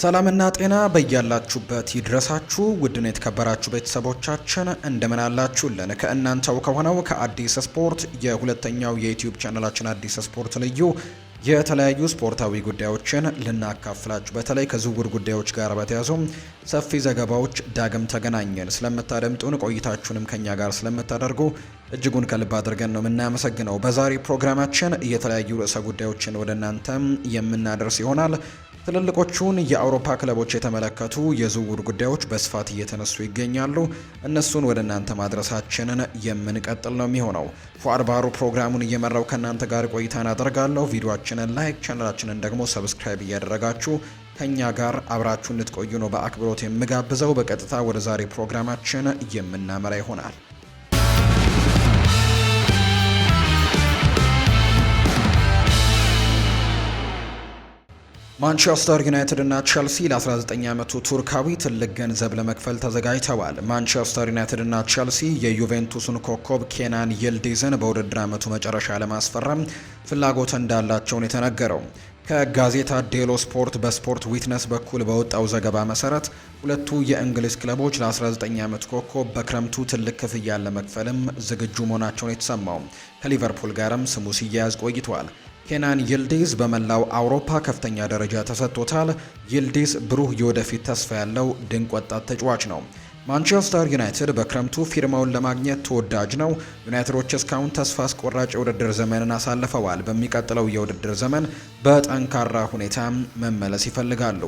ሰላምና ጤና በያላችሁበት ይድረሳችሁ። ውድን የተከበራችሁ ቤተሰቦቻችን እንደምን አላችሁልን? ከእናንተው ከሆነው ከአዲስ ስፖርት የሁለተኛው የዩትዩብ ቻናላችን አዲስ ስፖርት ልዩ የተለያዩ ስፖርታዊ ጉዳዮችን ልናካፍላችሁ በተለይ ከዝውውር ጉዳዮች ጋር በተያዙ ሰፊ ዘገባዎች ዳግም ተገናኘን። ስለምታደምጡን ቆይታችሁንም ከኛ ጋር ስለምታደርጉ እጅጉን ከልብ አድርገን ነው የምናመሰግነው። በዛሬ ፕሮግራማችን የተለያዩ ርዕሰ ጉዳዮችን ወደ እናንተም የምናደርስ ይሆናል። ትልልቆቹን የአውሮፓ ክለቦች የተመለከቱ የዝውውር ጉዳዮች በስፋት እየተነሱ ይገኛሉ። እነሱን ወደ እናንተ ማድረሳችንን የምንቀጥል ነው የሚሆነው። ፏር ባህሩ ፕሮግራሙን እየመራው ከእናንተ ጋር ቆይታን አደርጋለሁ። ቪዲዮችንን ላይክ፣ ቻናላችንን ደግሞ ሰብስክራይብ እያደረጋችሁ ከእኛ ጋር አብራችሁ እንድትቆዩ ነው በአክብሮት የምጋብዘው። በቀጥታ ወደ ዛሬ ፕሮግራማችን የምናመራ ይሆናል። ማንቸስተር ዩናይትድ እና ቸልሲ ለ19 ዓመቱ ቱርካዊ ትልቅ ገንዘብ ለመክፈል ተዘጋጅተዋል። ማንቸስተር ዩናይትድ እና ቸልሲ የዩቬንቱስን ኮከብ ኬናን ይልዲዝን በውድድር ዓመቱ መጨረሻ ለማስፈረም ፍላጎት እንዳላቸውን የተነገረው ከጋዜጣ ዴሎ ስፖርት በስፖርት ዊትነስ በኩል በወጣው ዘገባ መሰረት ሁለቱ የእንግሊዝ ክለቦች ለ19 ዓመት ኮከብ በክረምቱ ትልቅ ክፍያን ለመክፈልም ዝግጁ መሆናቸውን የተሰማው ከሊቨርፑል ጋርም ስሙ ሲያያዝ ቆይቷል። ኬናን ይልዲዝ በመላው አውሮፓ ከፍተኛ ደረጃ ተሰጥቶታል። ይልዲዝ ብሩህ የወደፊት ተስፋ ያለው ድንቅ ወጣት ተጫዋች ነው። ማንቸስተር ዩናይትድ በክረምቱ ፊርማውን ለማግኘት ተወዳጅ ነው። ዩናይትዶች እስካሁን ተስፋ አስቆራጭ የውድድር ዘመንን አሳልፈዋል። በሚቀጥለው የውድድር ዘመን በጠንካራ ሁኔታ መመለስ ይፈልጋሉ።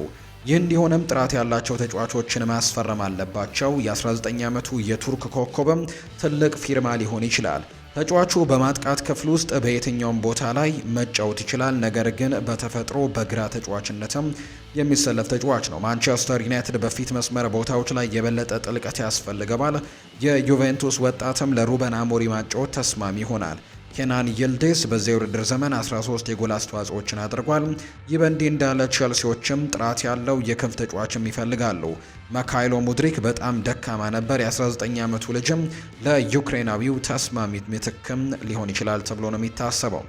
ይህ እንዲሆንም ጥራት ያላቸው ተጫዋቾችን ማስፈረም አለባቸው። የ19 ዓመቱ የቱርክ ኮከብም ትልቅ ፊርማ ሊሆን ይችላል። ተጫዋቹ በማጥቃት ክፍል ውስጥ በየትኛውም ቦታ ላይ መጫወት ይችላል። ነገር ግን በተፈጥሮ በግራ ተጫዋችነትም የሚሰለፍ ተጫዋች ነው። ማንቸስተር ዩናይትድ በፊት መስመር ቦታዎች ላይ የበለጠ ጥልቀት ያስፈልገዋል። የዩቬንቱስ ወጣትም ለሩበን አሞሪ ማጫወት ተስማሚ ይሆናል። ኬናን ይልዴስ በዚህ የውድድር ዘመን 13 የጎል አስተዋጽኦችን አድርጓል። ይህ በእንዲህ እንዳለ ቼልሲዎችም ጥራት ያለው የክንፍ ተጫዋችም ይፈልጋሉ። ማካይሎ ሙድሪክ በጣም ደካማ ነበር። የ19 ዓመቱ ልጅም ለዩክሬናዊው ተስማሚ ምትክም ሊሆን ይችላል ተብሎ ነው የሚታሰበው።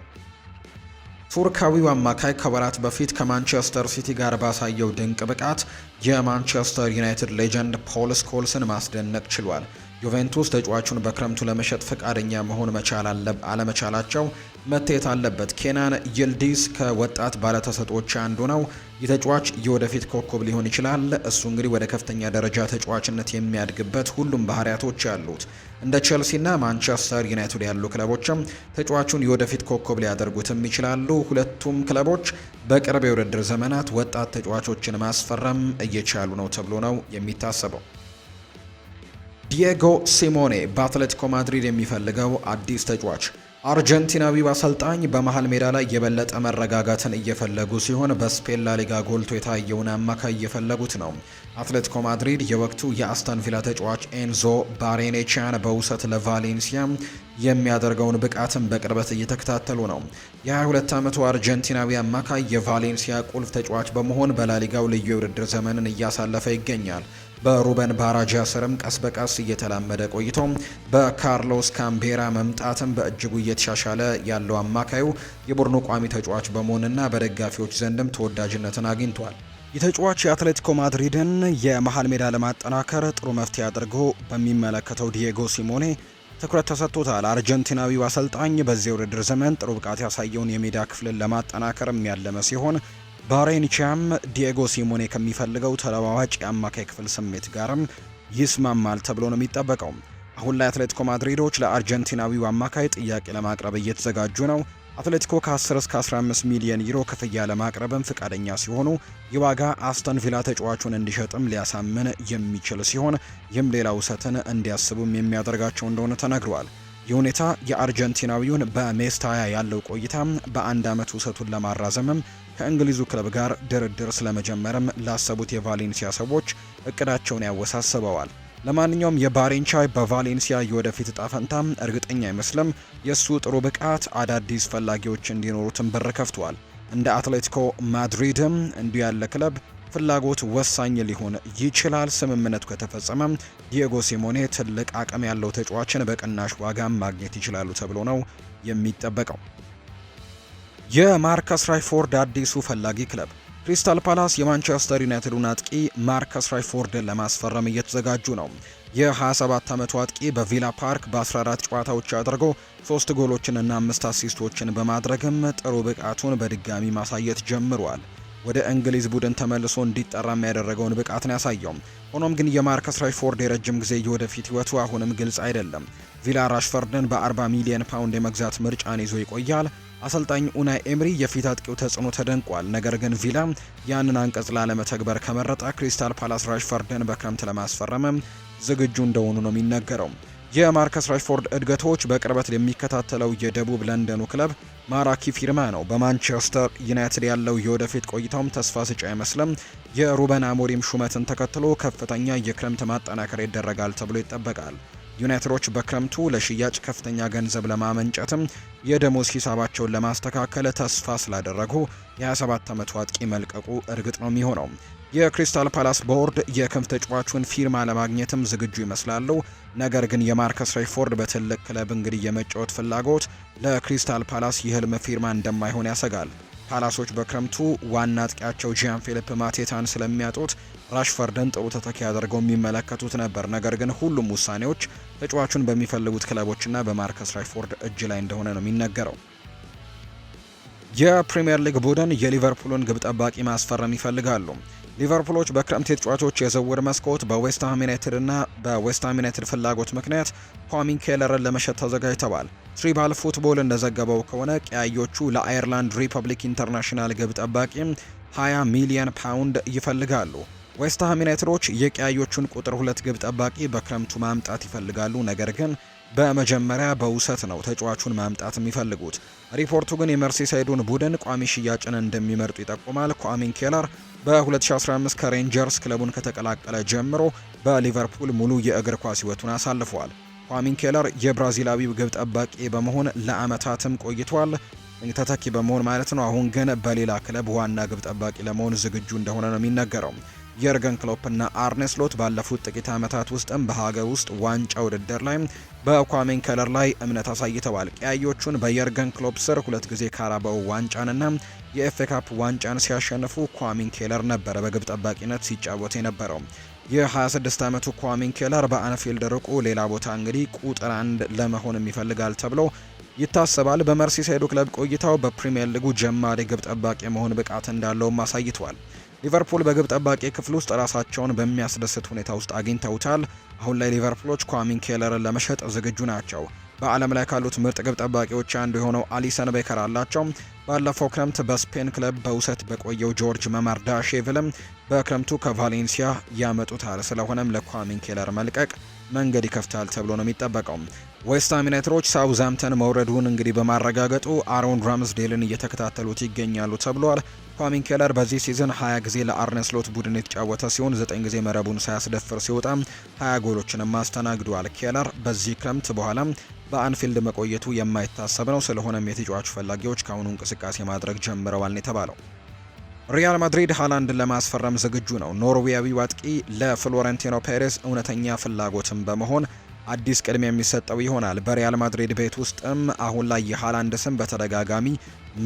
ቱርካዊው አማካይ ከወራት በፊት ከማንቸስተር ሲቲ ጋር ባሳየው ድንቅ ብቃት የማንቸስተር ዩናይትድ ሌጀንድ ፖል ስኮልስን ማስደነቅ ችሏል። ዩቬንቱስ ተጫዋቹን በክረምቱ ለመሸጥ ፈቃደኛ መሆን መቻል አለመቻላቸው መታየት አለበት። ኬናን ይልዲዝ ከወጣት ባለተሰጦች አንዱ ነው። የተጫዋች የወደፊት ኮከብ ሊሆን ይችላል። እሱ እንግዲህ ወደ ከፍተኛ ደረጃ ተጫዋችነት የሚያድግበት ሁሉም ባህሪያቶች ያሉት እንደ ቼልሲና ማንቸስተር ዩናይትድ ያሉ ክለቦችም ተጫዋቹን የወደፊት ኮከብ ሊያደርጉትም ይችላሉ። ሁለቱም ክለቦች በቅርብ የውድድር ዘመናት ወጣት ተጫዋቾችን ማስፈረም እየቻሉ ነው ተብሎ ነው የሚታሰበው። ዲየጎ ሲሞኔ በአትሌቲኮ ማድሪድ የሚፈልገው አዲስ ተጫዋች። አርጀንቲናዊው አሰልጣኝ በመሃል ሜዳ ላይ የበለጠ መረጋጋትን እየፈለጉ ሲሆን በስፔን ላሊጋ ጎልቶ የታየውን አማካይ እየፈለጉት ነው። አትሌቲኮ ማድሪድ የወቅቱ የአስተን ቪላ ተጫዋች ኤንዞ ባሬኔቻን በውሰት ለቫሌንሲያ የሚያደርገውን ብቃትን በቅርበት እየተከታተሉ ነው። የ22 ዓመቱ አርጀንቲናዊ አማካይ የቫሌንሲያ ቁልፍ ተጫዋች በመሆን በላሊጋው ልዩ የውድድር ዘመንን እያሳለፈ ይገኛል። በሩበን ባራጃ ስርም ቀስ በቀስ እየተላመደ ቆይቶ በካርሎስ ካምቤራ መምጣትም በእጅጉ እየተሻሻለ ያለው አማካዩ የቡድኑ ቋሚ ተጫዋች በመሆንና በደጋፊዎች ዘንድም ተወዳጅነትን አግኝቷል። የተጫዋች የአትሌቲኮ ማድሪድን የመሃል ሜዳ ለማጠናከር ጥሩ መፍትሄ አድርጎ በሚመለከተው ዲየጎ ሲሞኔ ትኩረት ተሰጥቶታል። አርጀንቲናዊው አሰልጣኝ በዚህ ውድድር ዘመን ጥሩ ብቃት ያሳየውን የሜዳ ክፍልን ለማጠናከር ያለመ ሲሆን ባሬኒቻም ዲየጎ ሲሞኔ ከሚፈልገው ተለዋዋጭ የአማካይ ክፍል ስሜት ጋርም ይስማማል ተብሎ ነው የሚጠበቀው። አሁን ላይ አትሌቲኮ ማድሪዶች ለአርጀንቲናዊው አማካይ ጥያቄ ለማቅረብ እየተዘጋጁ ነው። አትሌቲኮ ከ10 እስከ 15 ሚሊዮን ዩሮ ክፍያ ለማቅረብም ፍቃደኛ ሲሆኑ የዋጋ አስተን ቪላ ተጫዋቹን እንዲሸጥም ሊያሳምን የሚችል ሲሆን ይህም ሌላ ውሰትን እንዲያስቡም የሚያደርጋቸው እንደሆነ ተነግሯል። ይህ ሁኔታ የአርጀንቲናዊውን በሜስታያ ያለው ቆይታ በአንድ ዓመት ውሰቱን ለማራዘምም ከእንግሊዙ ክለብ ጋር ድርድር ስለመጀመርም ላሰቡት የቫሌንሲያ ሰዎች እቅዳቸውን ያወሳስበዋል። ለማንኛውም የባሬንቻይ በቫሌንሲያ የወደፊት እጣ ፈንታም እርግጠኛ አይመስልም። የእሱ ጥሩ ብቃት አዳዲስ ፈላጊዎች እንዲኖሩትን በር ከፍቷል። እንደ አትሌቲኮ ማድሪድም እንዲሁ ያለ ክለብ ፍላጎት ወሳኝ ሊሆን ይችላል። ስምምነቱ ከተፈጸመ ዲየጎ ሲሞኔ ትልቅ አቅም ያለው ተጫዋችን በቅናሽ ዋጋ ማግኘት ይችላሉ ተብሎ ነው የሚጠበቀው። የማርከስ ራሽፎርድ አዲሱ ፈላጊ ክለብ ክሪስታል ፓላስ የማንቸስተር ዩናይትዱን አጥቂ ማርከስ ራሽፎርድን ለማስፈረም እየተዘጋጁ ነው። የ27 ዓመቱ አጥቂ በቪላ ፓርክ በ14 ጨዋታዎች አድርጎ ሶስት ጎሎችንና አምስት አሲስቶችን በማድረግም ጥሩ ብቃቱን በድጋሚ ማሳየት ጀምሯል። ወደ እንግሊዝ ቡድን ተመልሶ እንዲጠራ ያደረገውን ብቃት ነው ያሳየው። ሆኖም ግን የማርከስ ራሽፎርድ የረጅም ጊዜ የወደፊት ህይወቱ አሁንም ግልጽ አይደለም። ቪላ ራሽፎርድን በ40 ሚሊዮን ፓውንድ የመግዛት ምርጫን ይዞ ይቆያል። አሰልጣኝ ኡናይ ኤምሪ የፊት አጥቂው ተጽዕኖ ተደንቋል። ነገር ግን ቪላ ያንን አንቀጽ ላለመተግበር ከመረጠ ክሪስታል ፓላስ ራሽፎርድን በክረምት ለማስፈረም ዝግጁ እንደሆኑ ነው የሚነገረው። የማርከስ ራሽፎርድ እድገቶች በቅርበት የሚከታተለው የደቡብ ለንደኑ ክለብ ማራኪ ፊርማ ነው። በማንቸስተር ዩናይትድ ያለው የወደፊት ቆይታውም ተስፋ ስጪ አይመስልም። የሩበን አሞሪም ሹመትን ተከትሎ ከፍተኛ የክረምት ማጠናከር ይደረጋል ተብሎ ይጠበቃል። ዩናይትዶች በክረምቱ ለሽያጭ ከፍተኛ ገንዘብ ለማመንጨትም የደሞዝ ሂሳባቸውን ለማስተካከል ተስፋ ስላደረጉ የ27 ዓመቱ አጥቂ መልቀቁ እርግጥ ነው የሚሆነው። የክሪስታል ፓላስ ቦርድ የክንፍ ተጫዋቹን ፊርማ ለማግኘትም ዝግጁ ይመስላሉ። ነገር ግን የማርከስ ሬሽፎርድ በትልቅ ክለብ እንግዲህ የመጫወት ፍላጎት ለክሪስታል ፓላስ የህልም ፊርማ እንደማይሆን ያሰጋል። ፓላሶች በክረምቱ ዋና አጥቂያቸው ጂያን ፊሊፕ ማቴታን ስለሚያጡት ራሽፈርድን ጥሩ ተተኪ አድርገው የሚመለከቱት ነበር። ነገር ግን ሁሉም ውሳኔዎች ተጫዋቹን በሚፈልጉት ክለቦችና በማርከስ ራሽፎርድ እጅ ላይ እንደሆነ ነው የሚነገረው። የፕሪምየር ሊግ ቡድን የሊቨርፑልን ግብ ጠባቂ ማስፈረም ይፈልጋሉ። ሊቨርፑሎች በክረምት የተጫዋቾች የዝውውር መስኮት በዌስትሃም ዩናይትድ እና በዌስትሃም ዩናይትድ ፍላጎት ምክንያት ኳሚን ኬለርን ለመሸጥ ተዘጋጅተዋል። ትሪባል ፉትቦል እንደዘገበው ከሆነ ቀያዮቹ ለአየርላንድ ሪፐብሊክ ኢንተርናሽናል ግብ ጠባቂ 20 ሚሊዮን ፓውንድ ይፈልጋሉ። ዌስትሃም ዩናይትዶች የቀያዮቹን ቁጥር ሁለት ግብ ጠባቂ በክረምቱ ማምጣት ይፈልጋሉ ነገር ግን በመጀመሪያ በውሰት ነው ተጫዋቹን ማምጣት የሚፈልጉት። ሪፖርቱ ግን የመርሲሳይዱን ቡድን ቋሚ ሽያጭን እንደሚመርጡ ይጠቁማል። ኳሚን ኬለር በ2015 ከሬንጀርስ ክለቡን ከተቀላቀለ ጀምሮ በሊቨርፑል ሙሉ የእግር ኳስ ሕይወቱን አሳልፏል። ኳሚን ኬለር የብራዚላዊው ግብ ጠባቂ በመሆን ለአመታትም ቆይቷል። ተተኪ በመሆን ማለት ነው። አሁን ግን በሌላ ክለብ ዋና ግብ ጠባቂ ለመሆን ዝግጁ እንደሆነ ነው የሚነገረው። የርገን ክሎፕና አርኔስሎት ባለፉት ጥቂት ዓመታት ውስጥም በሀገር ውስጥ ዋንጫ ውድድር ላይ በኳሜን ከለር ላይ እምነት አሳይተዋል። ቀያዮቹን በየርገን ክሎፕ ስር ሁለት ጊዜ ካራባው ዋንጫንና የኤፍኤ ካፕ ዋንጫን ሲያሸንፉ ኳሚን ኬለር ነበረ በግብ ጠባቂነት ሲጫወት የነበረው። የ26 ዓመቱ ኳሚን ኬለር በአንፊልድ ርቁ ሌላ ቦታ እንግዲህ ቁጥር አንድ ለመሆን የሚፈልጋል ተብሎ ይታሰባል። በመርሲሳይዱ ክለብ ቆይታው በፕሪምየር ሊጉ ጀማሪ ግብ ጠባቂ መሆን ብቃት እንዳለውም አሳይቷል። ሊቨርፑል በግብ ጠባቂ ክፍል ውስጥ ራሳቸውን በሚያስደስት ሁኔታ ውስጥ አግኝተውታል። አሁን ላይ ሊቨርፑሎች ኳሚን ኬለርን ለመሸጥ ዝግጁ ናቸው። በዓለም ላይ ካሉት ምርጥ ግብ ጠባቂዎች አንዱ የሆነው አሊሰን ቤከር አላቸው። ባለፈው ክረምት በስፔን ክለብ በውሰት በቆየው ጆርጅ ሼቭልም በክረምቱ ከቫሌንሲያ ያመጡታል። ስለሆነም ለኳሚን ኬለር መልቀቅ መንገድ ይከፍታል ተብሎ ነው የሚጠበቀው። ዌስትሃም ዩናይትዶች ሳውዝሃምተን መውረዱን እንግዲህ በማረጋገጡ አሮን ራምስዴልን እየተከታተሉት ይገኛሉ ተብሏል። ኳሚን ኬለር በዚህ ሲዝን 20 ጊዜ ለአርነስሎት ቡድን የተጫወተ ሲሆን 9 ጊዜ መረቡን ሳያስደፍር ሲወጣ 20 ጎሎችንም አስተናግዷል። ኬለር በዚህ ክረምት በኋላም በአንፊልድ መቆየቱ የማይታሰብ ነው። ስለሆነም የተጫዋቹ ፈላጊዎች ከአሁኑ እንቅስቃሴ ማድረግ ጀምረዋል የተባለው ሪያል ማድሪድ ሃላንድን ለማስፈረም ዝግጁ ነው። ኖርዌያዊው አጥቂ ለፍሎረንቲኖ ፔሬስ እውነተኛ ፍላጎትም በመሆን አዲስ ቅድሚያ የሚሰጠው ይሆናል። በሪያል ማድሪድ ቤት ውስጥም አሁን ላይ የሃላንድ ስም በተደጋጋሚ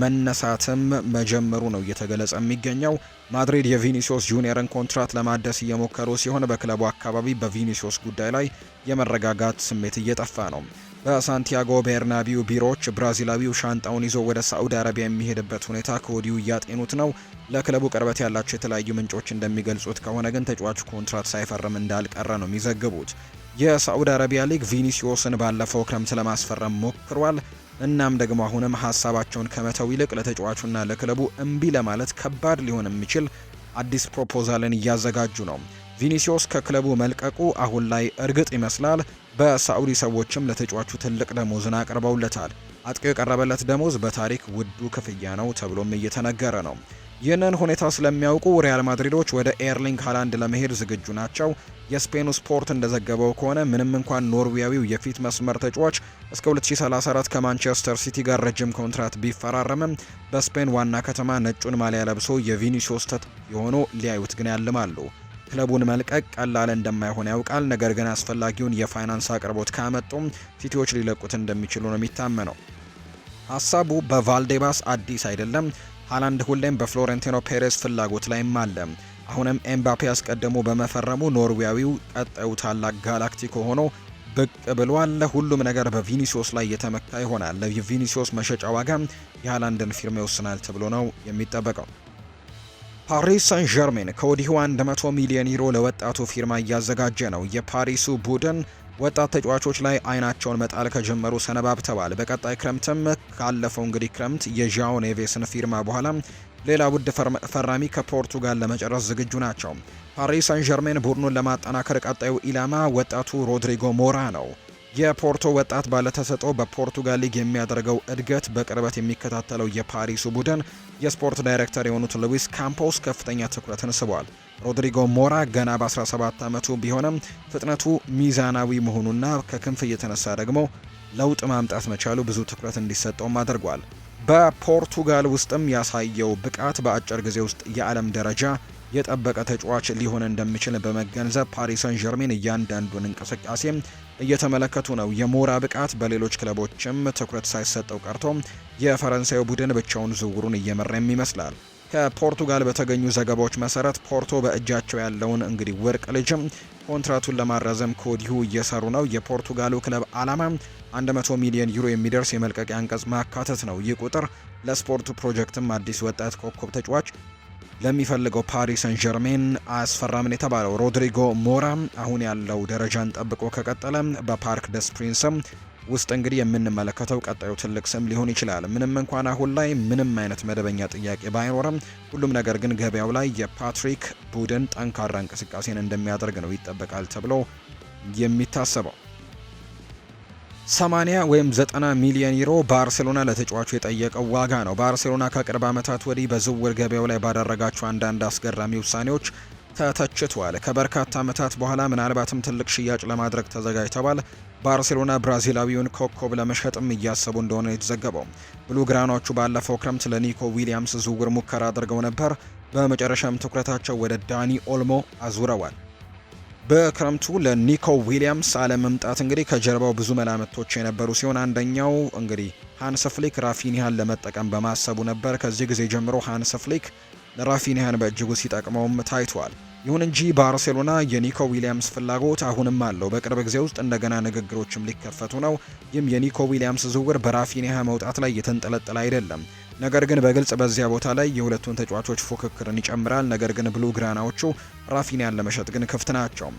መነሳትም መጀመሩ ነው እየተገለጸ የሚገኘው። ማድሪድ የቪኒሲዮስ ጁኒየርን ኮንትራት ለማደስ እየሞከሩ ሲሆን በክለቡ አካባቢ በቪኒሲዮስ ጉዳይ ላይ የመረጋጋት ስሜት እየጠፋ ነው። በሳንቲያጎ ቤርናቢው ቢሮዎች ብራዚላዊው ሻንጣውን ይዞ ወደ ሳዑዲ አረቢያ የሚሄድበት ሁኔታ ከወዲሁ እያጤኑት ነው። ለክለቡ ቅርበት ያላቸው የተለያዩ ምንጮች እንደሚገልጹት ከሆነ ግን ተጫዋቹ ኮንትራት ሳይፈርም እንዳልቀረ ነው የሚዘግቡት። የሳዑዲ አረቢያ ሊግ ቪኒሲዮስን ባለፈው ክረምት ለማስፈረም ሞክሯል። እናም ደግሞ አሁንም ሀሳባቸውን ከመተው ይልቅ ለተጫዋቹና ለክለቡ እምቢ ለማለት ከባድ ሊሆን የሚችል አዲስ ፕሮፖዛልን እያዘጋጁ ነው። ቪኒሲዮስ ከክለቡ መልቀቁ አሁን ላይ እርግጥ ይመስላል። በሳዑዲ ሰዎችም ለተጫዋቹ ትልቅ ደሞዝን አቅርበውለታል። አጥቂው የቀረበለት ደሞዝ በታሪክ ውዱ ክፍያ ነው ተብሎም እየተነገረ ነው። ይህንን ሁኔታ ስለሚያውቁ ሪያል ማድሪዶች ወደ ኤርሊንግ ሃላንድ ለመሄድ ዝግጁ ናቸው። የስፔኑ ስፖርት እንደዘገበው ከሆነ ምንም እንኳን ኖርዌያዊው የፊት መስመር ተጫዋች እስከ 2034 ከማንቸስተር ሲቲ ጋር ረጅም ኮንትራት ቢፈራረምም በስፔን ዋና ከተማ ነጩን ማሊያ ለብሶ የቪኒሲዮስ ተት የሆኑ ሊያዩት ግን ያልማሉ። ክለቡን መልቀቅ ቀላል እንደማይሆን ያውቃል። ነገር ግን አስፈላጊውን የፋይናንስ አቅርቦት ካመጡም ሲቲዎች ሊለቁት እንደሚችሉ ነው የሚታመነው። ሀሳቡ በቫልዴባስ አዲስ አይደለም። ሃላንድ ሁሌም በፍሎረንቲኖ ፔሬስ ፍላጎት ላይም አለ። አሁንም ኤምባፔ አስቀድሞ በመፈረሙ ኖርዌያዊው ቀጣዩ ታላቅ ጋላክቲኮ ሆኖ ብቅ ብሏል። ሁሉም ነገር በቪኒሲዮስ ላይ የተመካ ይሆናል። ለቪኒሲዮስ መሸጫ ዋጋ የሃላንድን ፊርማ ይወስናል ተብሎ ነው የሚጠበቀው። ፓሪስ ሳን ዠርሜን ከወዲሁ 100 ሚሊዮን ዩሮ ለወጣቱ ፊርማ እያዘጋጀ ነው። የፓሪሱ ቡድን ወጣት ተጫዋቾች ላይ አይናቸውን መጣል ከጀመሩ ሰነባብተዋል። በቀጣይ ክረምትም ካለፈው እንግዲህ ክረምት የዣኦ ኔቬስን ፊርማ በኋላ ሌላ ውድ ፈራሚ ከፖርቱጋል ለመጨረስ ዝግጁ ናቸው። ፓሪስ ሳን ዠርሜን ቡድኑን ለማጠናከር ቀጣዩ ኢላማ ወጣቱ ሮድሪጎ ሞራ ነው። የፖርቶ ወጣት ባለተሰጥኦ በፖርቱጋል ሊግ የሚያደርገው እድገት በቅርበት የሚከታተለው የፓሪሱ ቡድን የስፖርት ዳይሬክተር የሆኑት ሉዊስ ካምፖስ ከፍተኛ ትኩረትን ስቧል። ሮድሪጎ ሞራ ገና በ17 ዓመቱ ቢሆንም ፍጥነቱ ሚዛናዊ መሆኑና ከክንፍ እየተነሳ ደግሞ ለውጥ ማምጣት መቻሉ ብዙ ትኩረት እንዲሰጠውም አድርጓል። በፖርቱጋል ውስጥም ያሳየው ብቃት በአጭር ጊዜ ውስጥ የዓለም ደረጃ የጠበቀ ተጫዋች ሊሆን እንደሚችል በመገንዘብ ፓሪስ ሰን ዠርሜን እያንዳንዱን እንቅስቃሴ እየተመለከቱ ነው። የሞራ ብቃት በሌሎች ክለቦችም ትኩረት ሳይሰጠው ቀርቶ የፈረንሳዩ ቡድን ብቻውን ዝውውሩን እየመራ ይመስላል። ከፖርቱጋል በተገኙ ዘገባዎች መሰረት ፖርቶ በእጃቸው ያለውን እንግዲህ ወርቅ ልጅም ኮንትራቱን ለማራዘም ከወዲሁ እየሰሩ ነው። የፖርቱጋሉ ክለብ ዓላማ 100 ሚሊዮን ዩሮ የሚደርስ የመልቀቂያ አንቀጽ ማካተት ነው። ይህ ቁጥር ለስፖርቱ ፕሮጀክትም አዲስ ወጣት ኮከብ ተጫዋች ለሚፈልገው ፓሪስ ሰን ጀርሜን አያስፈራምን የተባለው ሮድሪጎ ሞራ አሁን ያለው ደረጃን ጠብቆ ከቀጠለ በፓርክ ደስ ፕሪንስም ውስጥ እንግዲህ የምንመለከተው ቀጣዩ ትልቅ ስም ሊሆን ይችላል። ምንም እንኳን አሁን ላይ ምንም አይነት መደበኛ ጥያቄ ባይኖርም፣ ሁሉም ነገር ግን ገበያው ላይ የፓትሪክ ቡድን ጠንካራ እንቅስቃሴን እንደሚያደርግ ነው ይጠበቃል ተብሎ የሚታሰበው። 80 ወይም 90 ሚሊዮን ዩሮ ባርሴሎና ለተጫዋቹ የጠየቀው ዋጋ ነው። ባርሴሎና ከቅርብ ዓመታት ወዲህ በዝውውር ገበያው ላይ ባደረጋቸው አንዳንድ አስገራሚ ውሳኔዎች ተተችቷል። ከበርካታ ዓመታት በኋላ ምናልባትም ትልቅ ሽያጭ ለማድረግ ተዘጋጅተዋል። ባርሴሎና ብራዚላዊውን ኮከብ ለመሸጥም እያሰቡ እንደሆነ የተዘገበው ብሉግራኖቹ ባለፈው ክረምት ለኒኮ ዊሊያምስ ዝውውር ሙከራ አድርገው ነበር። በመጨረሻም ትኩረታቸው ወደ ዳኒ ኦልሞ አዙረዋል። በክረምቱ ለኒኮ ዊሊያምስ አለመምጣት እንግዲህ ከጀርባው ብዙ መላምቶች የነበሩ ሲሆን አንደኛው እንግዲህ ሃንስ ፍሊክ ራፊኒያን ለመጠቀም በማሰቡ ነበር። ከዚህ ጊዜ ጀምሮ ሃንስ ፍሊክ ራፊኒያን በእጅጉ ሲጠቅመውም ታይቷል። ይሁን እንጂ ባርሴሎና የኒኮ ዊሊያምስ ፍላጎት አሁንም አለው። በቅርብ ጊዜ ውስጥ እንደገና ንግግሮችም ሊከፈቱ ነው። ይህም የኒኮ ዊሊያምስ ዝውውር በራፊኒያ መውጣት ላይ የተንጠለጠለ አይደለም። ነገር ግን በግልጽ በዚያ ቦታ ላይ የሁለቱን ተጫዋቾች ፉክክርን ይጨምራል። ነገር ግን ብሉ ግራናዎቹ ራፊኒያን ለመሸጥ ግን ክፍት ናቸው።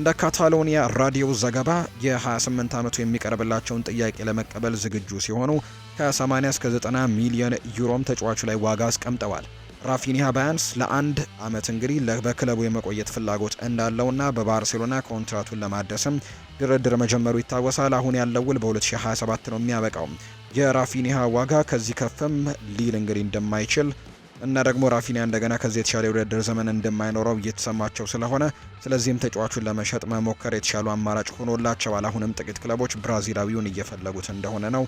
እንደ ካታሎኒያ ራዲዮ ዘገባ የ28 ዓመቱ የሚቀርብላቸውን ጥያቄ ለመቀበል ዝግጁ ሲሆኑ ከ80 እስከ 90 ሚሊዮን ዩሮም ተጫዋቹ ላይ ዋጋ አስቀምጠዋል። ራፊኒያ ባያንስ ለአንድ አመት እንግዲህ በክለቡ የመቆየት ፍላጎት እንዳለውና በባርሴሎና ኮንትራቱን ለማደስም ድርድር መጀመሩ ይታወሳል። አሁን ያለው ውል በ2027 ነው የሚያበቃው። የራፊኒያ ዋጋ ከዚህ ከፍም ሊል እንግዲህ እንደማይችል እና ደግሞ ራፊኒያ እንደገና ከዚህ የተሻለ የውድድር ዘመን እንደማይኖረው እየተሰማቸው ስለሆነ ስለዚህም ተጫዋቹን ለመሸጥ መሞከር የተሻሉ አማራጭ ሆኖላቸዋል። አሁንም ጥቂት ክለቦች ብራዚላዊውን እየፈለጉት እንደሆነ ነው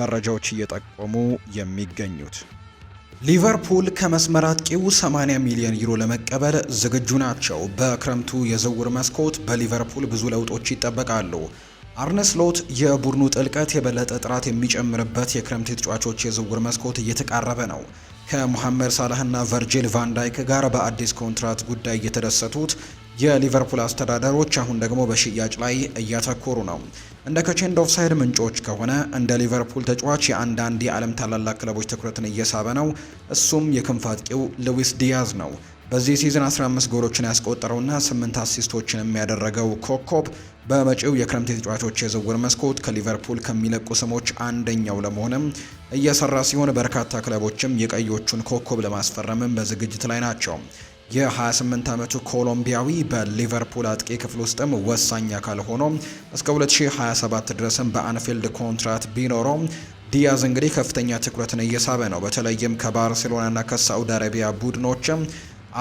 መረጃዎች እየጠቆሙ የሚገኙት። ሊቨርፑል ከመስመር አጥቂው 80 ሚሊዮን ዩሮ ለመቀበል ዝግጁ ናቸው። በክረምቱ የዝውውር መስኮት በሊቨርፑል ብዙ ለውጦች ይጠበቃሉ። አርነ ስሎት የቡድኑ ጥልቀት የበለጠ ጥራት የሚጨምርበት የክረምት ተጫዋቾች የዝውውር መስኮት እየተቃረበ ነው። ከሙሐመድ ሳላህና ቨርጂል ቫንዳይክ ጋር በአዲስ ኮንትራት ጉዳይ የተደሰቱት የሊቨርፑል አስተዳደሮች አሁን ደግሞ በሽያጭ ላይ እያተኮሩ ነው። እንደ ከቼንድ ኦፍሳይድ ምንጮች ከሆነ እንደ ሊቨርፑል ተጫዋች የአንዳንድ የዓለም ታላላቅ ክለቦች ትኩረትን እየሳበ ነው። እሱም የክንፍ አጥቂው ሉዊስ ዲያዝ ነው። በዚህ ሲዝን 15 ጎሎችን ያስቆጠረውና 8 አሲስቶችን የሚያደረገው ኮኮብ በመጪው የክረምት የተጫዋቾች የዝውውር መስኮት ከሊቨርፑል ከሚለቁ ስሞች አንደኛው ለመሆንም እየሰራ ሲሆን በርካታ ክለቦችም የቀዮቹን ኮኮብ ለማስፈረምም በዝግጅት ላይ ናቸው። የ28 ዓመቱ ኮሎምቢያዊ በሊቨርፑል አጥቂ ክፍል ውስጥም ወሳኝ አካል ሆኖ እስከ 2027 ድረስም በአንፊልድ ኮንትራት ቢኖረውም ዲያዝ እንግዲህ ከፍተኛ ትኩረትን እየሳበ ነው። በተለይም ከባርሴሎናና ከሳዑዲ አረቢያ ቡድኖችም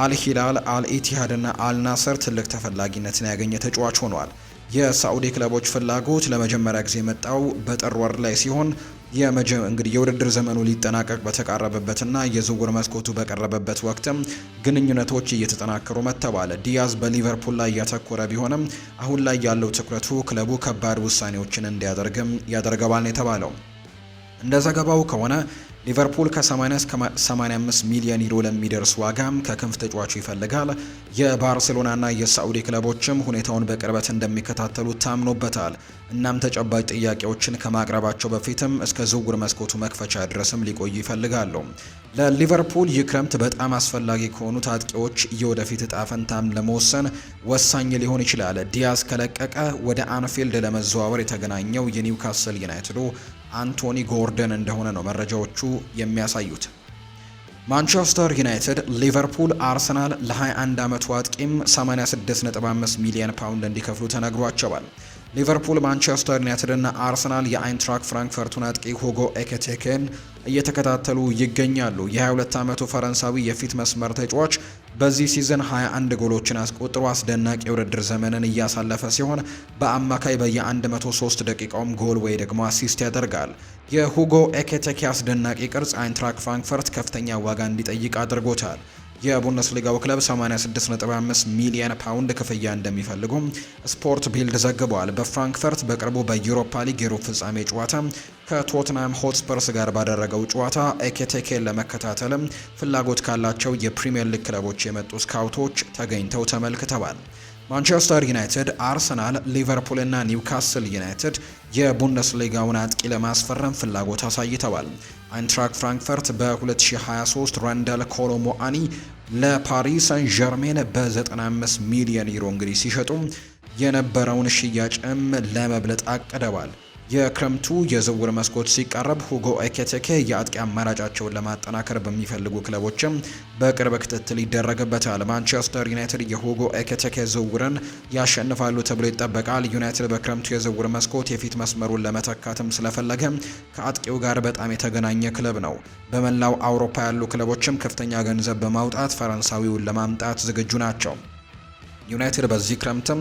አልሂላል፣ አልኢቲሃድና አልናስር ትልቅ ተፈላጊነትን ያገኘ ተጫዋች ሆኗል። የሳዑዲ ክለቦች ፍላጎት ለመጀመሪያ ጊዜ የመጣው በጥር ወር ላይ ሲሆን እንግዲህ የውድድር ዘመኑ ሊጠናቀቅ በተቃረበበትና የዝውውር መስኮቱ በቀረበበት ወቅትም ግንኙነቶች እየተጠናከሩ መጥተዋል። ዲያዝ በሊቨርፑል ላይ እያተኮረ ቢሆንም አሁን ላይ ያለው ትኩረቱ ክለቡ ከባድ ውሳኔዎችን እንዲያደርግም ያደርገዋል ነው የተባለው። እንደ ዘገባው ከሆነ ሊቨርፑል ከ80 እስከ 85 ሚሊዮን ዩሮ ለሚደርስ ዋጋም ከክንፍ ተጫዋቹ ይፈልጋል። የባርሴሎናና የሳዑዲ ክለቦችም ሁኔታውን በቅርበት እንደሚከታተሉ ታምኖበታል። እናም ተጨባጭ ጥያቄዎችን ከማቅረባቸው በፊትም እስከ ዝውውር መስኮቱ መክፈቻ ድረስም ሊቆዩ ይፈልጋሉ። ለሊቨርፑል ይህ ክረምት በጣም አስፈላጊ ከሆኑት አጥቂዎች የወደፊት እጣ ፈንታም ለመወሰን ወሳኝ ሊሆን ይችላል። ዲያስ ከለቀቀ ወደ አንፊልድ ለመዘዋወር የተገናኘው የኒውካስል ዩናይትዱ አንቶኒ ጎርደን እንደሆነ ነው መረጃዎቹ የሚያሳዩት። ማንቸስተር ዩናይትድ፣ ሊቨርፑል፣ አርሰናል ለ21 ዓመቱ አጥቂም 86.5 ሚሊዮን ፓውንድ እንዲከፍሉ ተነግሯቸዋል። ሊቨርፑል፣ ማንቸስተር ዩናይትድ እና አርሰናል የአይንትራክ ፍራንክፈርቱን አጥቂ ሁጎ ኤኬቴኬን እየተከታተሉ ይገኛሉ። የ22 ዓመቱ ፈረንሳዊ የፊት መስመር ተጫዋች በዚህ ሲዝን 21 ጎሎችን አስቆጥሮ አስደናቂ የውድድር ዘመንን እያሳለፈ ሲሆን በአማካይ በየ103 ደቂቃውም ጎል ወይ ደግሞ አሲስት ያደርጋል። የሁጎ ኤኬቴኪ አስደናቂ ቅርጽ አይንትራክ ፍራንክፈርት ከፍተኛ ዋጋ እንዲጠይቅ አድርጎታል። የቡንደስሊጋው ክለብ 86.5 ሚሊየን ፓውንድ ክፍያ እንደሚፈልጉ ስፖርት ቢልድ ዘግቧል። በፍራንክፈርት በቅርቡ በዩሮፓ ሊግ የሩብ ፍጻሜ ጨዋታ ከቶትናም ሆትስፐርስ ጋር ባደረገው ጨዋታ ኤኬቴኬን ለመከታተልም ፍላጎት ካላቸው የፕሪምየር ሊግ ክለቦች የመጡ ስካውቶች ተገኝተው ተመልክተዋል። ማንቸስተር ዩናይትድ፣ አርሰናል፣ ሊቨርፑል እና ኒውካስል ዩናይትድ የቡንደስሊጋውን አጥቂ ለማስፈረም ፍላጎት አሳይተዋል። አይንትራክ ፍራንክፈርት በ2023 ራንዳል ኮሎሞአኒ ለፓሪስ ሳን ጀርሜን በ95 ሚሊዮን ዩሮ እንግዲህ ሲሸጡ የነበረውን ሽያጭም ለመብለጥ አቅደዋል። የክረምቱ የዝውውር መስኮት ሲቃረብ ሁጎ ኤኬቴኬ የአጥቂ አማራጫቸውን ለማጠናከር በሚፈልጉ ክለቦችም በቅርብ ክትትል ይደረግበታል። ማንቸስተር ዩናይትድ የሁጎ ኤኬቴኬ ዝውውርን ያሸንፋሉ ተብሎ ይጠበቃል። ዩናይትድ በክረምቱ የዝውውር መስኮት የፊት መስመሩን ለመተካትም ስለፈለገ ከአጥቂው ጋር በጣም የተገናኘ ክለብ ነው። በመላው አውሮፓ ያሉ ክለቦችም ከፍተኛ ገንዘብ በማውጣት ፈረንሳዊውን ለማምጣት ዝግጁ ናቸው። ዩናይትድ በዚህ ክረምትም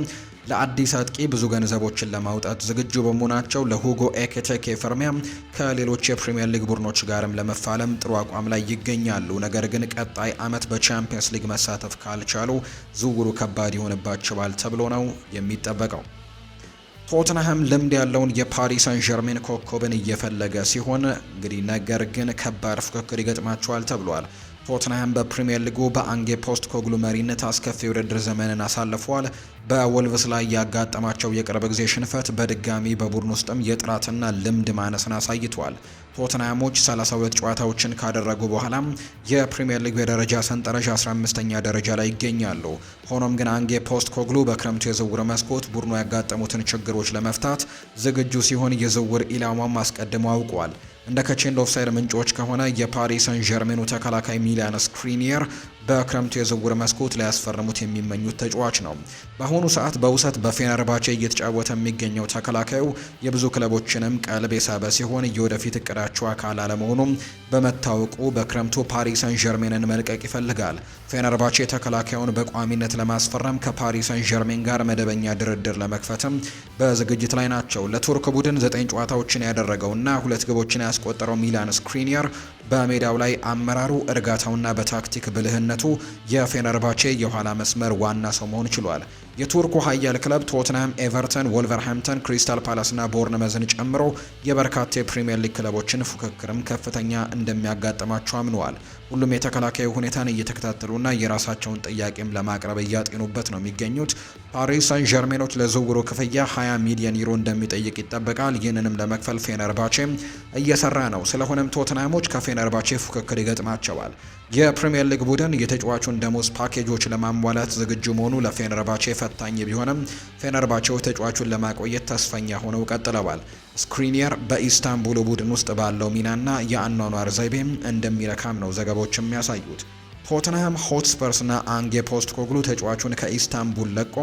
ለአዲስ አጥቂ ብዙ ገንዘቦችን ለማውጣት ዝግጁ በመሆናቸው ለሁጎ ኤኬቴኬ ፍርሚያ ከሌሎች የፕሪምየር ሊግ ቡድኖች ጋርም ለመፋለም ጥሩ አቋም ላይ ይገኛሉ። ነገር ግን ቀጣይ አመት በቻምፒየንስ ሊግ መሳተፍ ካልቻሉ ዝውውሩ ከባድ ይሆንባቸዋል ተብሎ ነው የሚጠበቀው። ቶትንሃም ልምድ ያለውን የፓሪስ ሳን ዠርሜን ኮከብን እየፈለገ ሲሆን እንግዲህ ነገር ግን ከባድ ፉክክር ይገጥማቸዋል ተብሏል። ቶትንሃም በፕሪምየር ሊጉ በአንጌ ፖስት ኮግሉ መሪነት አስከፊ ውድድር ዘመንን አሳልፏል። በወልቭስ ላይ ያጋጠማቸው የቅርብ ጊዜ ሽንፈት በድጋሚ በቡድን ውስጥም የጥራትና ልምድ ማነስን አሳይቷል። ቶትናሞች 32 ጨዋታዎችን ካደረጉ በኋላ የፕሪምየር ሊግ የደረጃ ሰንጠረዥ 15ኛ ደረጃ ላይ ይገኛሉ። ሆኖም ግን አንጌ ፖስት ኮግሉ በክረምቱ የዝውውር መስኮት ቡድኑ ያጋጠሙትን ችግሮች ለመፍታት ዝግጁ ሲሆን የዝውውር ኢላማም አስቀድሞ አውቋል። እንደ ከቼንድ ኦፍሳይድ ምንጮች ከሆነ የፓሪስ ሰን ዠርሜኑ ተከላካይ ሚላን ስክሪኒየር በክረምቱ የዝውውር መስኮት ሊያስፈርሙት የሚመኙት ተጫዋች ነው። በአሁኑ ሰዓት በውሰት በፌነርባቼ እየተጫወተ የሚገኘው ተከላካዩ የብዙ ክለቦችንም ቀልብ የሳበ ሲሆን የወደፊት እቅዳቸው አካል አለመሆኑም በመታወቁ በክረምቱ ፓሪስ ሰን ዠርሜንን መልቀቅ ይፈልጋል። ፌነርባቼ ተከላካዩን በቋሚነት ለማስፈረም ከፓሪስ ሰን ጋር መደበኛ ድርድር ለመክፈትም በዝግጅት ላይ ናቸው። ለቱርክ ቡድን ዘጠኝ ጨዋታዎችን ያደረገውና ሁለት ግቦችን ያስቆጠረው ሚላን ስክሪኒየር በሜዳው ላይ አመራሩ፣ እርጋታውና በታክቲክ ብልህነቱ የፌነርባቼ የኋላ መስመር ዋና ሰው መሆን ችሏል። የቱርኩ ኃያል ክለብ ቶትንሃም፣ ኤቨርተን፣ ወልቨርሃምተን፣ ክሪስታል ፓላስና ቦርንመዝን ጨምሮ የበርካታ የፕሪምየር ሊግ ክለቦችን ፉክክርም ከፍተኛ እንደሚያጋጥማቸው አምነዋል። ሁሉም የተከላካዩ ሁኔታን እየተከታተሉና የራሳቸውን ጥያቄም ለማቅረብ እያጤኑበት ነው የሚገኙት። ፓሪስ ሳን ዠርሜኖች ለዝውውሩ ክፍያ 20 ሚሊዮን ዩሮ እንደሚጠይቅ ይጠበቃል። ይህንንም ለመክፈል ፌነርባቼም እየሰራ ነው። ስለሆነም ቶትናሞች ከፌነርባቼ ፉክክር ይገጥማቸዋል። የፕሪምየር ሊግ ቡድን የተጫዋቹን ደሞዝ ፓኬጆች ለማሟላት ዝግጁ መሆኑ ለፌነርባቼ ፈታኝ ቢሆንም ፌነርባቼው ተጫዋቹን ለማቆየት ተስፈኛ ሆነው ቀጥለዋል። ስክሪኒየር በኢስታንቡል ቡድን ውስጥ ባለው ሚናና የአኗኗር ዘይቤም እንደሚረካም ነው ዘገባዎች የሚያሳዩት። ቶተንሃም ሆትስፐርስና አንጌ ፖስት ኮግሉ ተጫዋቹን ከኢስታንቡል ለቆ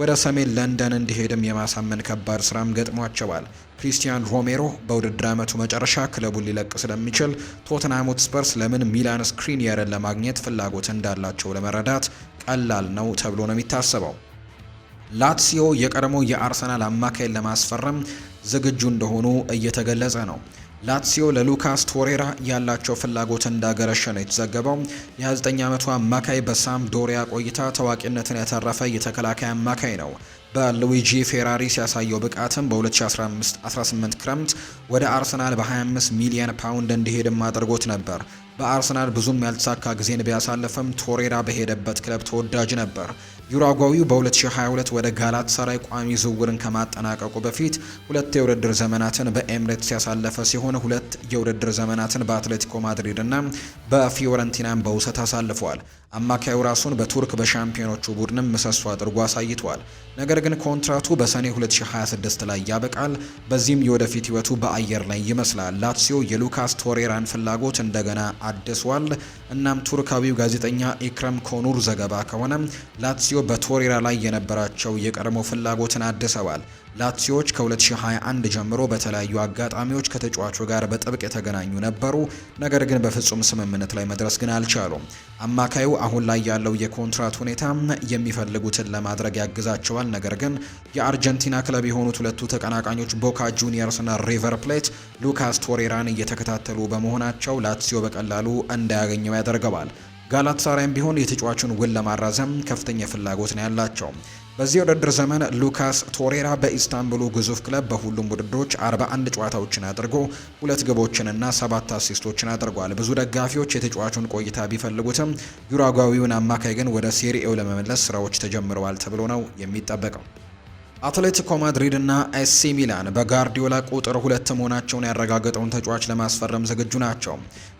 ወደ ሰሜን ለንደን እንዲሄድም የማሳመን ከባድ ስራም ገጥሟቸዋል። ክሪስቲያን ሮሜሮ በውድድር ዓመቱ መጨረሻ ክለቡን ሊለቅ ስለሚችል ቶተንሃም ሆትስፐርስ ለምን ሚላን ስክሪኒየርን ለማግኘት ፍላጎት እንዳላቸው ለመረዳት ቀላል ነው ተብሎ ነው የሚታሰበው። ላትሲዮ የቀድሞ የአርሰናል አማካይን ለማስፈረም ዝግጁ እንደሆኑ እየተገለጸ ነው። ላትሲዮ ለሉካስ ቶሬራ ያላቸው ፍላጎት እንዳገረሸ ነው የተዘገበው። የ29 ዓመቱ አማካይ ዶሪያ ቆይታ ታዋቂነትን ያተረፈ የተከላካይ አማካይ ነው። በሉዊጂ ፌራሪ ሲያሳየው ብቃትም በ2018 ክረምት ወደ አርሰናል በ25 ሚሊዮን ፓውንድ እንዲሄድም አድርጎት ነበር። በአርሰናል ብዙም ያልተሳካ ጊዜን ቢያሳልፍም ቶሬራ በሄደበት ክለብ ተወዳጅ ነበር። ዩራጓዊው በ2022 ወደ ጋላት ሰራይ ቋሚ ዝውውርን ከማጠናቀቁ በፊት ሁለት የውድድር ዘመናትን በኤምሬትስ ያሳለፈ ሲሆን ሁለት የውድድር ዘመናትን በአትሌቲኮ ማድሪድ እና በፊዮረንቲናም በውሰት አሳልፈዋል። አማካዩ ራሱን በቱርክ በሻምፒዮኖቹ ቡድንም ምሰሶ አድርጎ አሳይቷል። ነገር ግን ኮንትራቱ በሰኔ 2026 ላይ ያበቃል። በዚህም የወደፊት ህይወቱ በአየር ላይ ይመስላል። ላትሲዮ የሉካስ ቶሬራን ፍላጎት እንደገና አድሷል። እናም ቱርካዊው ጋዜጠኛ ኢክረም ኮኑር ዘገባ ከሆነ ላትሲዮ በቶሬራ ላይ የነበራቸው የቀድሞ ፍላጎትን አድሰዋል። ላትሲዮች ከ2021 ጀምሮ በተለያዩ አጋጣሚዎች ከተጫዋቹ ጋር በጥብቅ የተገናኙ ነበሩ። ነገር ግን በፍጹም ስምምነት ላይ መድረስ ግን አልቻሉም። አማካዩ አሁን ላይ ያለው የኮንትራት ሁኔታ የሚፈልጉትን ለማድረግ ያግዛቸዋል። ነገር ግን የአርጀንቲና ክለብ የሆኑት ሁለቱ ተቀናቃኞች ቦካ ጁኒየርስና ሪቨር ፕሌት ሉካስ ቶሬራን እየተከታተሉ በመሆናቸው ላትሲዮ በቀላሉ እንዳያገኘው ያደርገዋል። ጋላትሳራይም ቢሆን የተጫዋቹን ውል ለማራዘም ከፍተኛ ፍላጎት ነው ያላቸው። በዚህ የውድድር ዘመን ሉካስ ቶሬራ በኢስታንቡሉ ግዙፍ ክለብ በሁሉም ውድድሮች 41 ጨዋታዎችን አድርጎ ሁለት ግቦችንና ሰባት አሲስቶችን አድርጓል። ብዙ ደጋፊዎች የተጫዋቹን ቆይታ ቢፈልጉትም ዩራጓዊውን አማካይ ግን ወደ ሴሪኤው ለመመለስ ስራዎች ተጀምረዋል ተብሎ ነው የሚጠበቀው። አትሌቲኮ ማድሪድ እና ኤሲ ሚላን በጋርዲዮላ ቁጥር ሁለት መሆናቸውን ያረጋገጠውን ተጫዋች ለማስፈረም ዝግጁ ናቸው።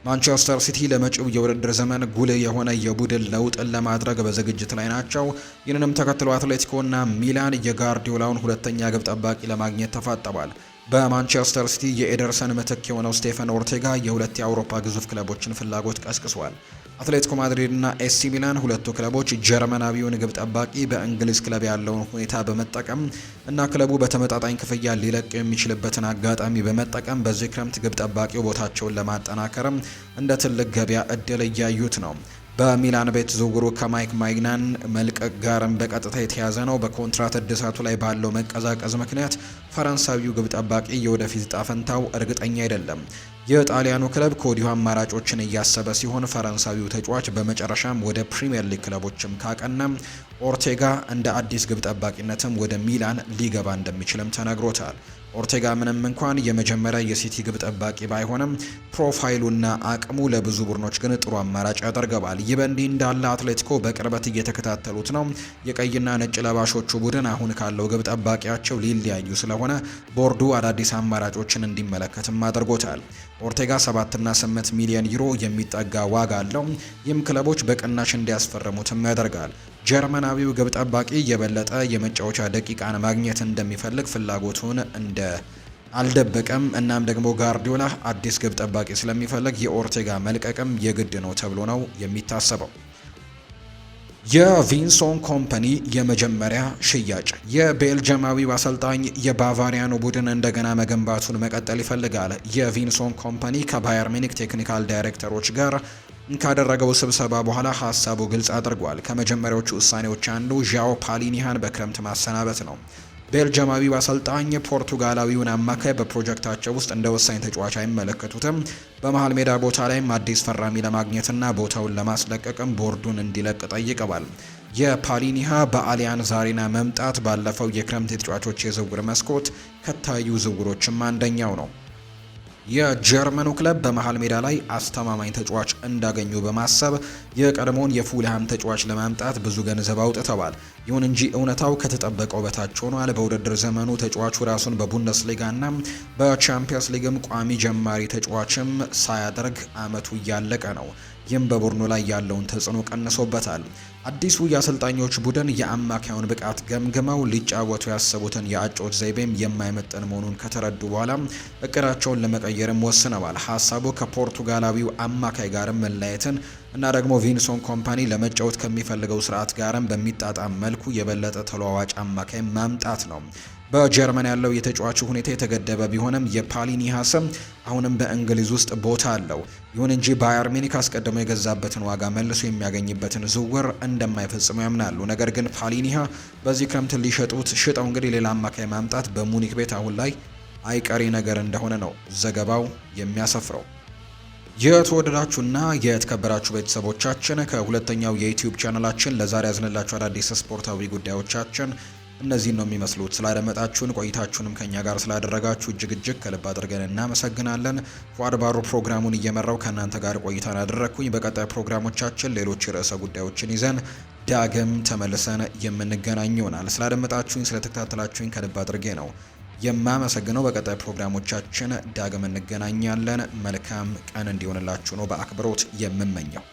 ማንቸስተር ሲቲ ለመጪው የውድድር ዘመን ጉልህ የሆነ የቡድን ለውጥን ለማድረግ በዝግጅት ላይ ናቸው። ይህንንም ተከትሎ አትሌቲኮ እና ሚላን የጋርዲዮላውን ሁለተኛ ግብ ጠባቂ ለማግኘት ተፋጠዋል። በማንቸስተር ሲቲ የኤደርሰን ምትክ የሆነው ስቴፈን ኦርቴጋ የሁለት የአውሮፓ ግዙፍ ክለቦችን ፍላጎት ቀስቅሷል። አትሌቲኮ ማድሪድና ኤሲ ሚላን ሁለቱ ክለቦች ጀርመናዊውን ግብ ጠባቂ በእንግሊዝ ክለብ ያለውን ሁኔታ በመጠቀም እና ክለቡ በተመጣጣኝ ክፍያ ሊለቅ የሚችልበትን አጋጣሚ በመጠቀም በዚህ ክረምት ግብ ጠባቂው ቦታቸውን ለማጠናከርም እንደ ትልቅ ገበያ እድል እያዩት ነው። በሚላን ቤት ዝውውሩ ከማይክ ማይግናን መልቀቅ ጋርም በቀጥታ የተያዘ ነው። በኮንትራት እድሳቱ ላይ ባለው መቀዛቀዝ ምክንያት ፈረንሳዊው ግብ ጠባቂ የወደፊት ጣፈንታው እርግጠኛ አይደለም። የጣሊያኑ ክለብ ከወዲሁ አማራጮችን እያሰበ ሲሆን ፈረንሳዊው ተጫዋች በመጨረሻም ወደ ፕሪምየር ሊግ ክለቦችም ካቀናም ኦርቴጋ እንደ አዲስ ግብ ጠባቂነትም ወደ ሚላን ሊገባ እንደሚችልም ተናግሮታል። ኦርቴጋ ምንም እንኳን የመጀመሪያ የሲቲ ግብ ጠባቂ ባይሆንም ፕሮፋይሉና አቅሙ ለብዙ ቡድኖች ግን ጥሩ አማራጭ ያደርገዋል። ይህ በእንዲህ እንዳለ አትሌቲኮ በቅርበት እየተከታተሉት ነው። የቀይና ነጭ ለባሾቹ ቡድን አሁን ካለው ግብ ጠባቂያቸው ሊለያዩ ስለሆነ ቦርዱ አዳዲስ አማራጮችን እንዲመለከትም አድርጎታል። ኦርቴጋ 7ና 8 ሚሊዮን ዩሮ የሚጠጋ ዋጋ አለው። ይህም ክለቦች በቅናሽ እንዲያስፈርሙትም ያደርጋል። ጀርመናዊው ግብ ጠባቂ የበለጠ የመጫወቻ ደቂቃን ማግኘት እንደሚፈልግ ፍላጎቱን እንደ አልደበቀም። እናም ደግሞ ጋርዲዮላ አዲስ ግብ ጠባቂ ስለሚፈልግ የኦርቴጋ መልቀቅም የግድ ነው ተብሎ ነው የሚታሰበው። የቪንሶን ኮምፓኒ የመጀመሪያ ሽያጭ የቤልጅማዊው አሰልጣኝ የባቫሪያኑ ቡድን እንደገና መገንባቱን መቀጠል ይፈልጋል። የቪንሶን ኮምፓኒ ከባየር ሚኒክ ቴክኒካል ዳይሬክተሮች ጋር ካደረገው ስብሰባ በኋላ ሀሳቡ ግልጽ አድርጓል። ከመጀመሪያዎቹ ውሳኔዎች አንዱ ዣኦ ፓሊኒሃን በክረምት ማሰናበት ነው። ቤልጅማዊው አሰልጣኝ ፖርቱጋላዊውን አማካይ በፕሮጀክታቸው ውስጥ እንደ ወሳኝ ተጫዋች አይመለከቱትም። በመሀል ሜዳ ቦታ ላይም አዲስ ፈራሚ ለማግኘትና ቦታውን ለማስለቀቅም ቦርዱን እንዲለቅ ጠይቀዋል። የፓሊኒሃ በአሊያን ዛሬና መምጣት ባለፈው የክረምት የተጫዋቾች የዝውውር መስኮት ከታዩ ዝውውሮችም አንደኛው ነው። የጀርመኑ ክለብ በመሀል ሜዳ ላይ አስተማማኝ ተጫዋች እንዳገኙ በማሰብ የቀድሞውን የፉልሃም ተጫዋች ለማምጣት ብዙ ገንዘብ አውጥተዋል። ይሁን እንጂ እውነታው ከተጠበቀው በታች ሆኗል። በውድድር ዘመኑ ተጫዋቹ ራሱን በቡንደስሊጋና በቻምፒየንስ ሊግም ቋሚ ጀማሪ ተጫዋችም ሳያደርግ አመቱ እያለቀ ነው። ይህም በቡድኑ ላይ ያለውን ተጽዕኖ ቀንሶበታል። አዲሱ የአሰልጣኞች ቡድን የአማካዩን ብቃት ገምግመው ሊጫወቱ ያሰቡትን የአጮች ዘይቤም የማይመጠን መሆኑን ከተረዱ በኋላ እቅዳቸውን ለመቀየርም ወስነዋል። ሀሳቡ ከፖርቱጋላዊው አማካይ ጋርም መለያየትን እና ደግሞ ቪንሶን ኮምፓኒ ለመጫወት ከሚፈልገው ስርዓት ጋርም በሚጣጣም መልኩ የበለጠ ተለዋዋጭ አማካይ ማምጣት ነው። በጀርመን ያለው የተጫዋቹ ሁኔታ የተገደበ ቢሆንም የፓሊኒሃ ስም አሁንም በእንግሊዝ ውስጥ ቦታ አለው። ይሁን እንጂ ባየር ሚኒክ አስቀድሞ የገዛበትን ዋጋ መልሶ የሚያገኝበትን ዝውውር እንደማይፈጽሙ ያምናሉ። ነገር ግን ፓሊኒሃ በዚህ ክረምት ሊሸጡት ሽጠው እንግዲህ ሌላ አማካይ ማምጣት በሙኒክ ቤት አሁን ላይ አይቀሬ ነገር እንደሆነ ነው ዘገባው የሚያሰፍረው። የተወደዳችሁና የተከበራችሁ ቤተሰቦቻችን ከሁለተኛው የዩትዩብ ቻናላችን ለዛሬ ያዝንላችሁ አዳዲስ ስፖርታዊ ጉዳዮቻችን እነዚህን ነው የሚመስሉት። ስላደመጣችሁን ቆይታችሁንም ከኛ ጋር ስላደረጋችሁ እጅግ እጅግ ከልብ አድርገን እናመሰግናለን። ፏድ ፕሮግራሙን እየመራው ከእናንተ ጋር ቆይታን አደረግኩኝ። በቀጣይ ፕሮግራሞቻችን ሌሎች ርዕሰ ጉዳዮችን ይዘን ዳግም ተመልሰን የምንገናኝ ይሆናል። ስላደመጣችሁኝ፣ ስለተከታተላችሁኝ ከልብ አድርጌ ነው የማመሰግነው። በቀጣይ ፕሮግራሞቻችን ዳግም እንገናኛለን። መልካም ቀን እንዲሆንላችሁ ነው በአክብሮት የምመኘው።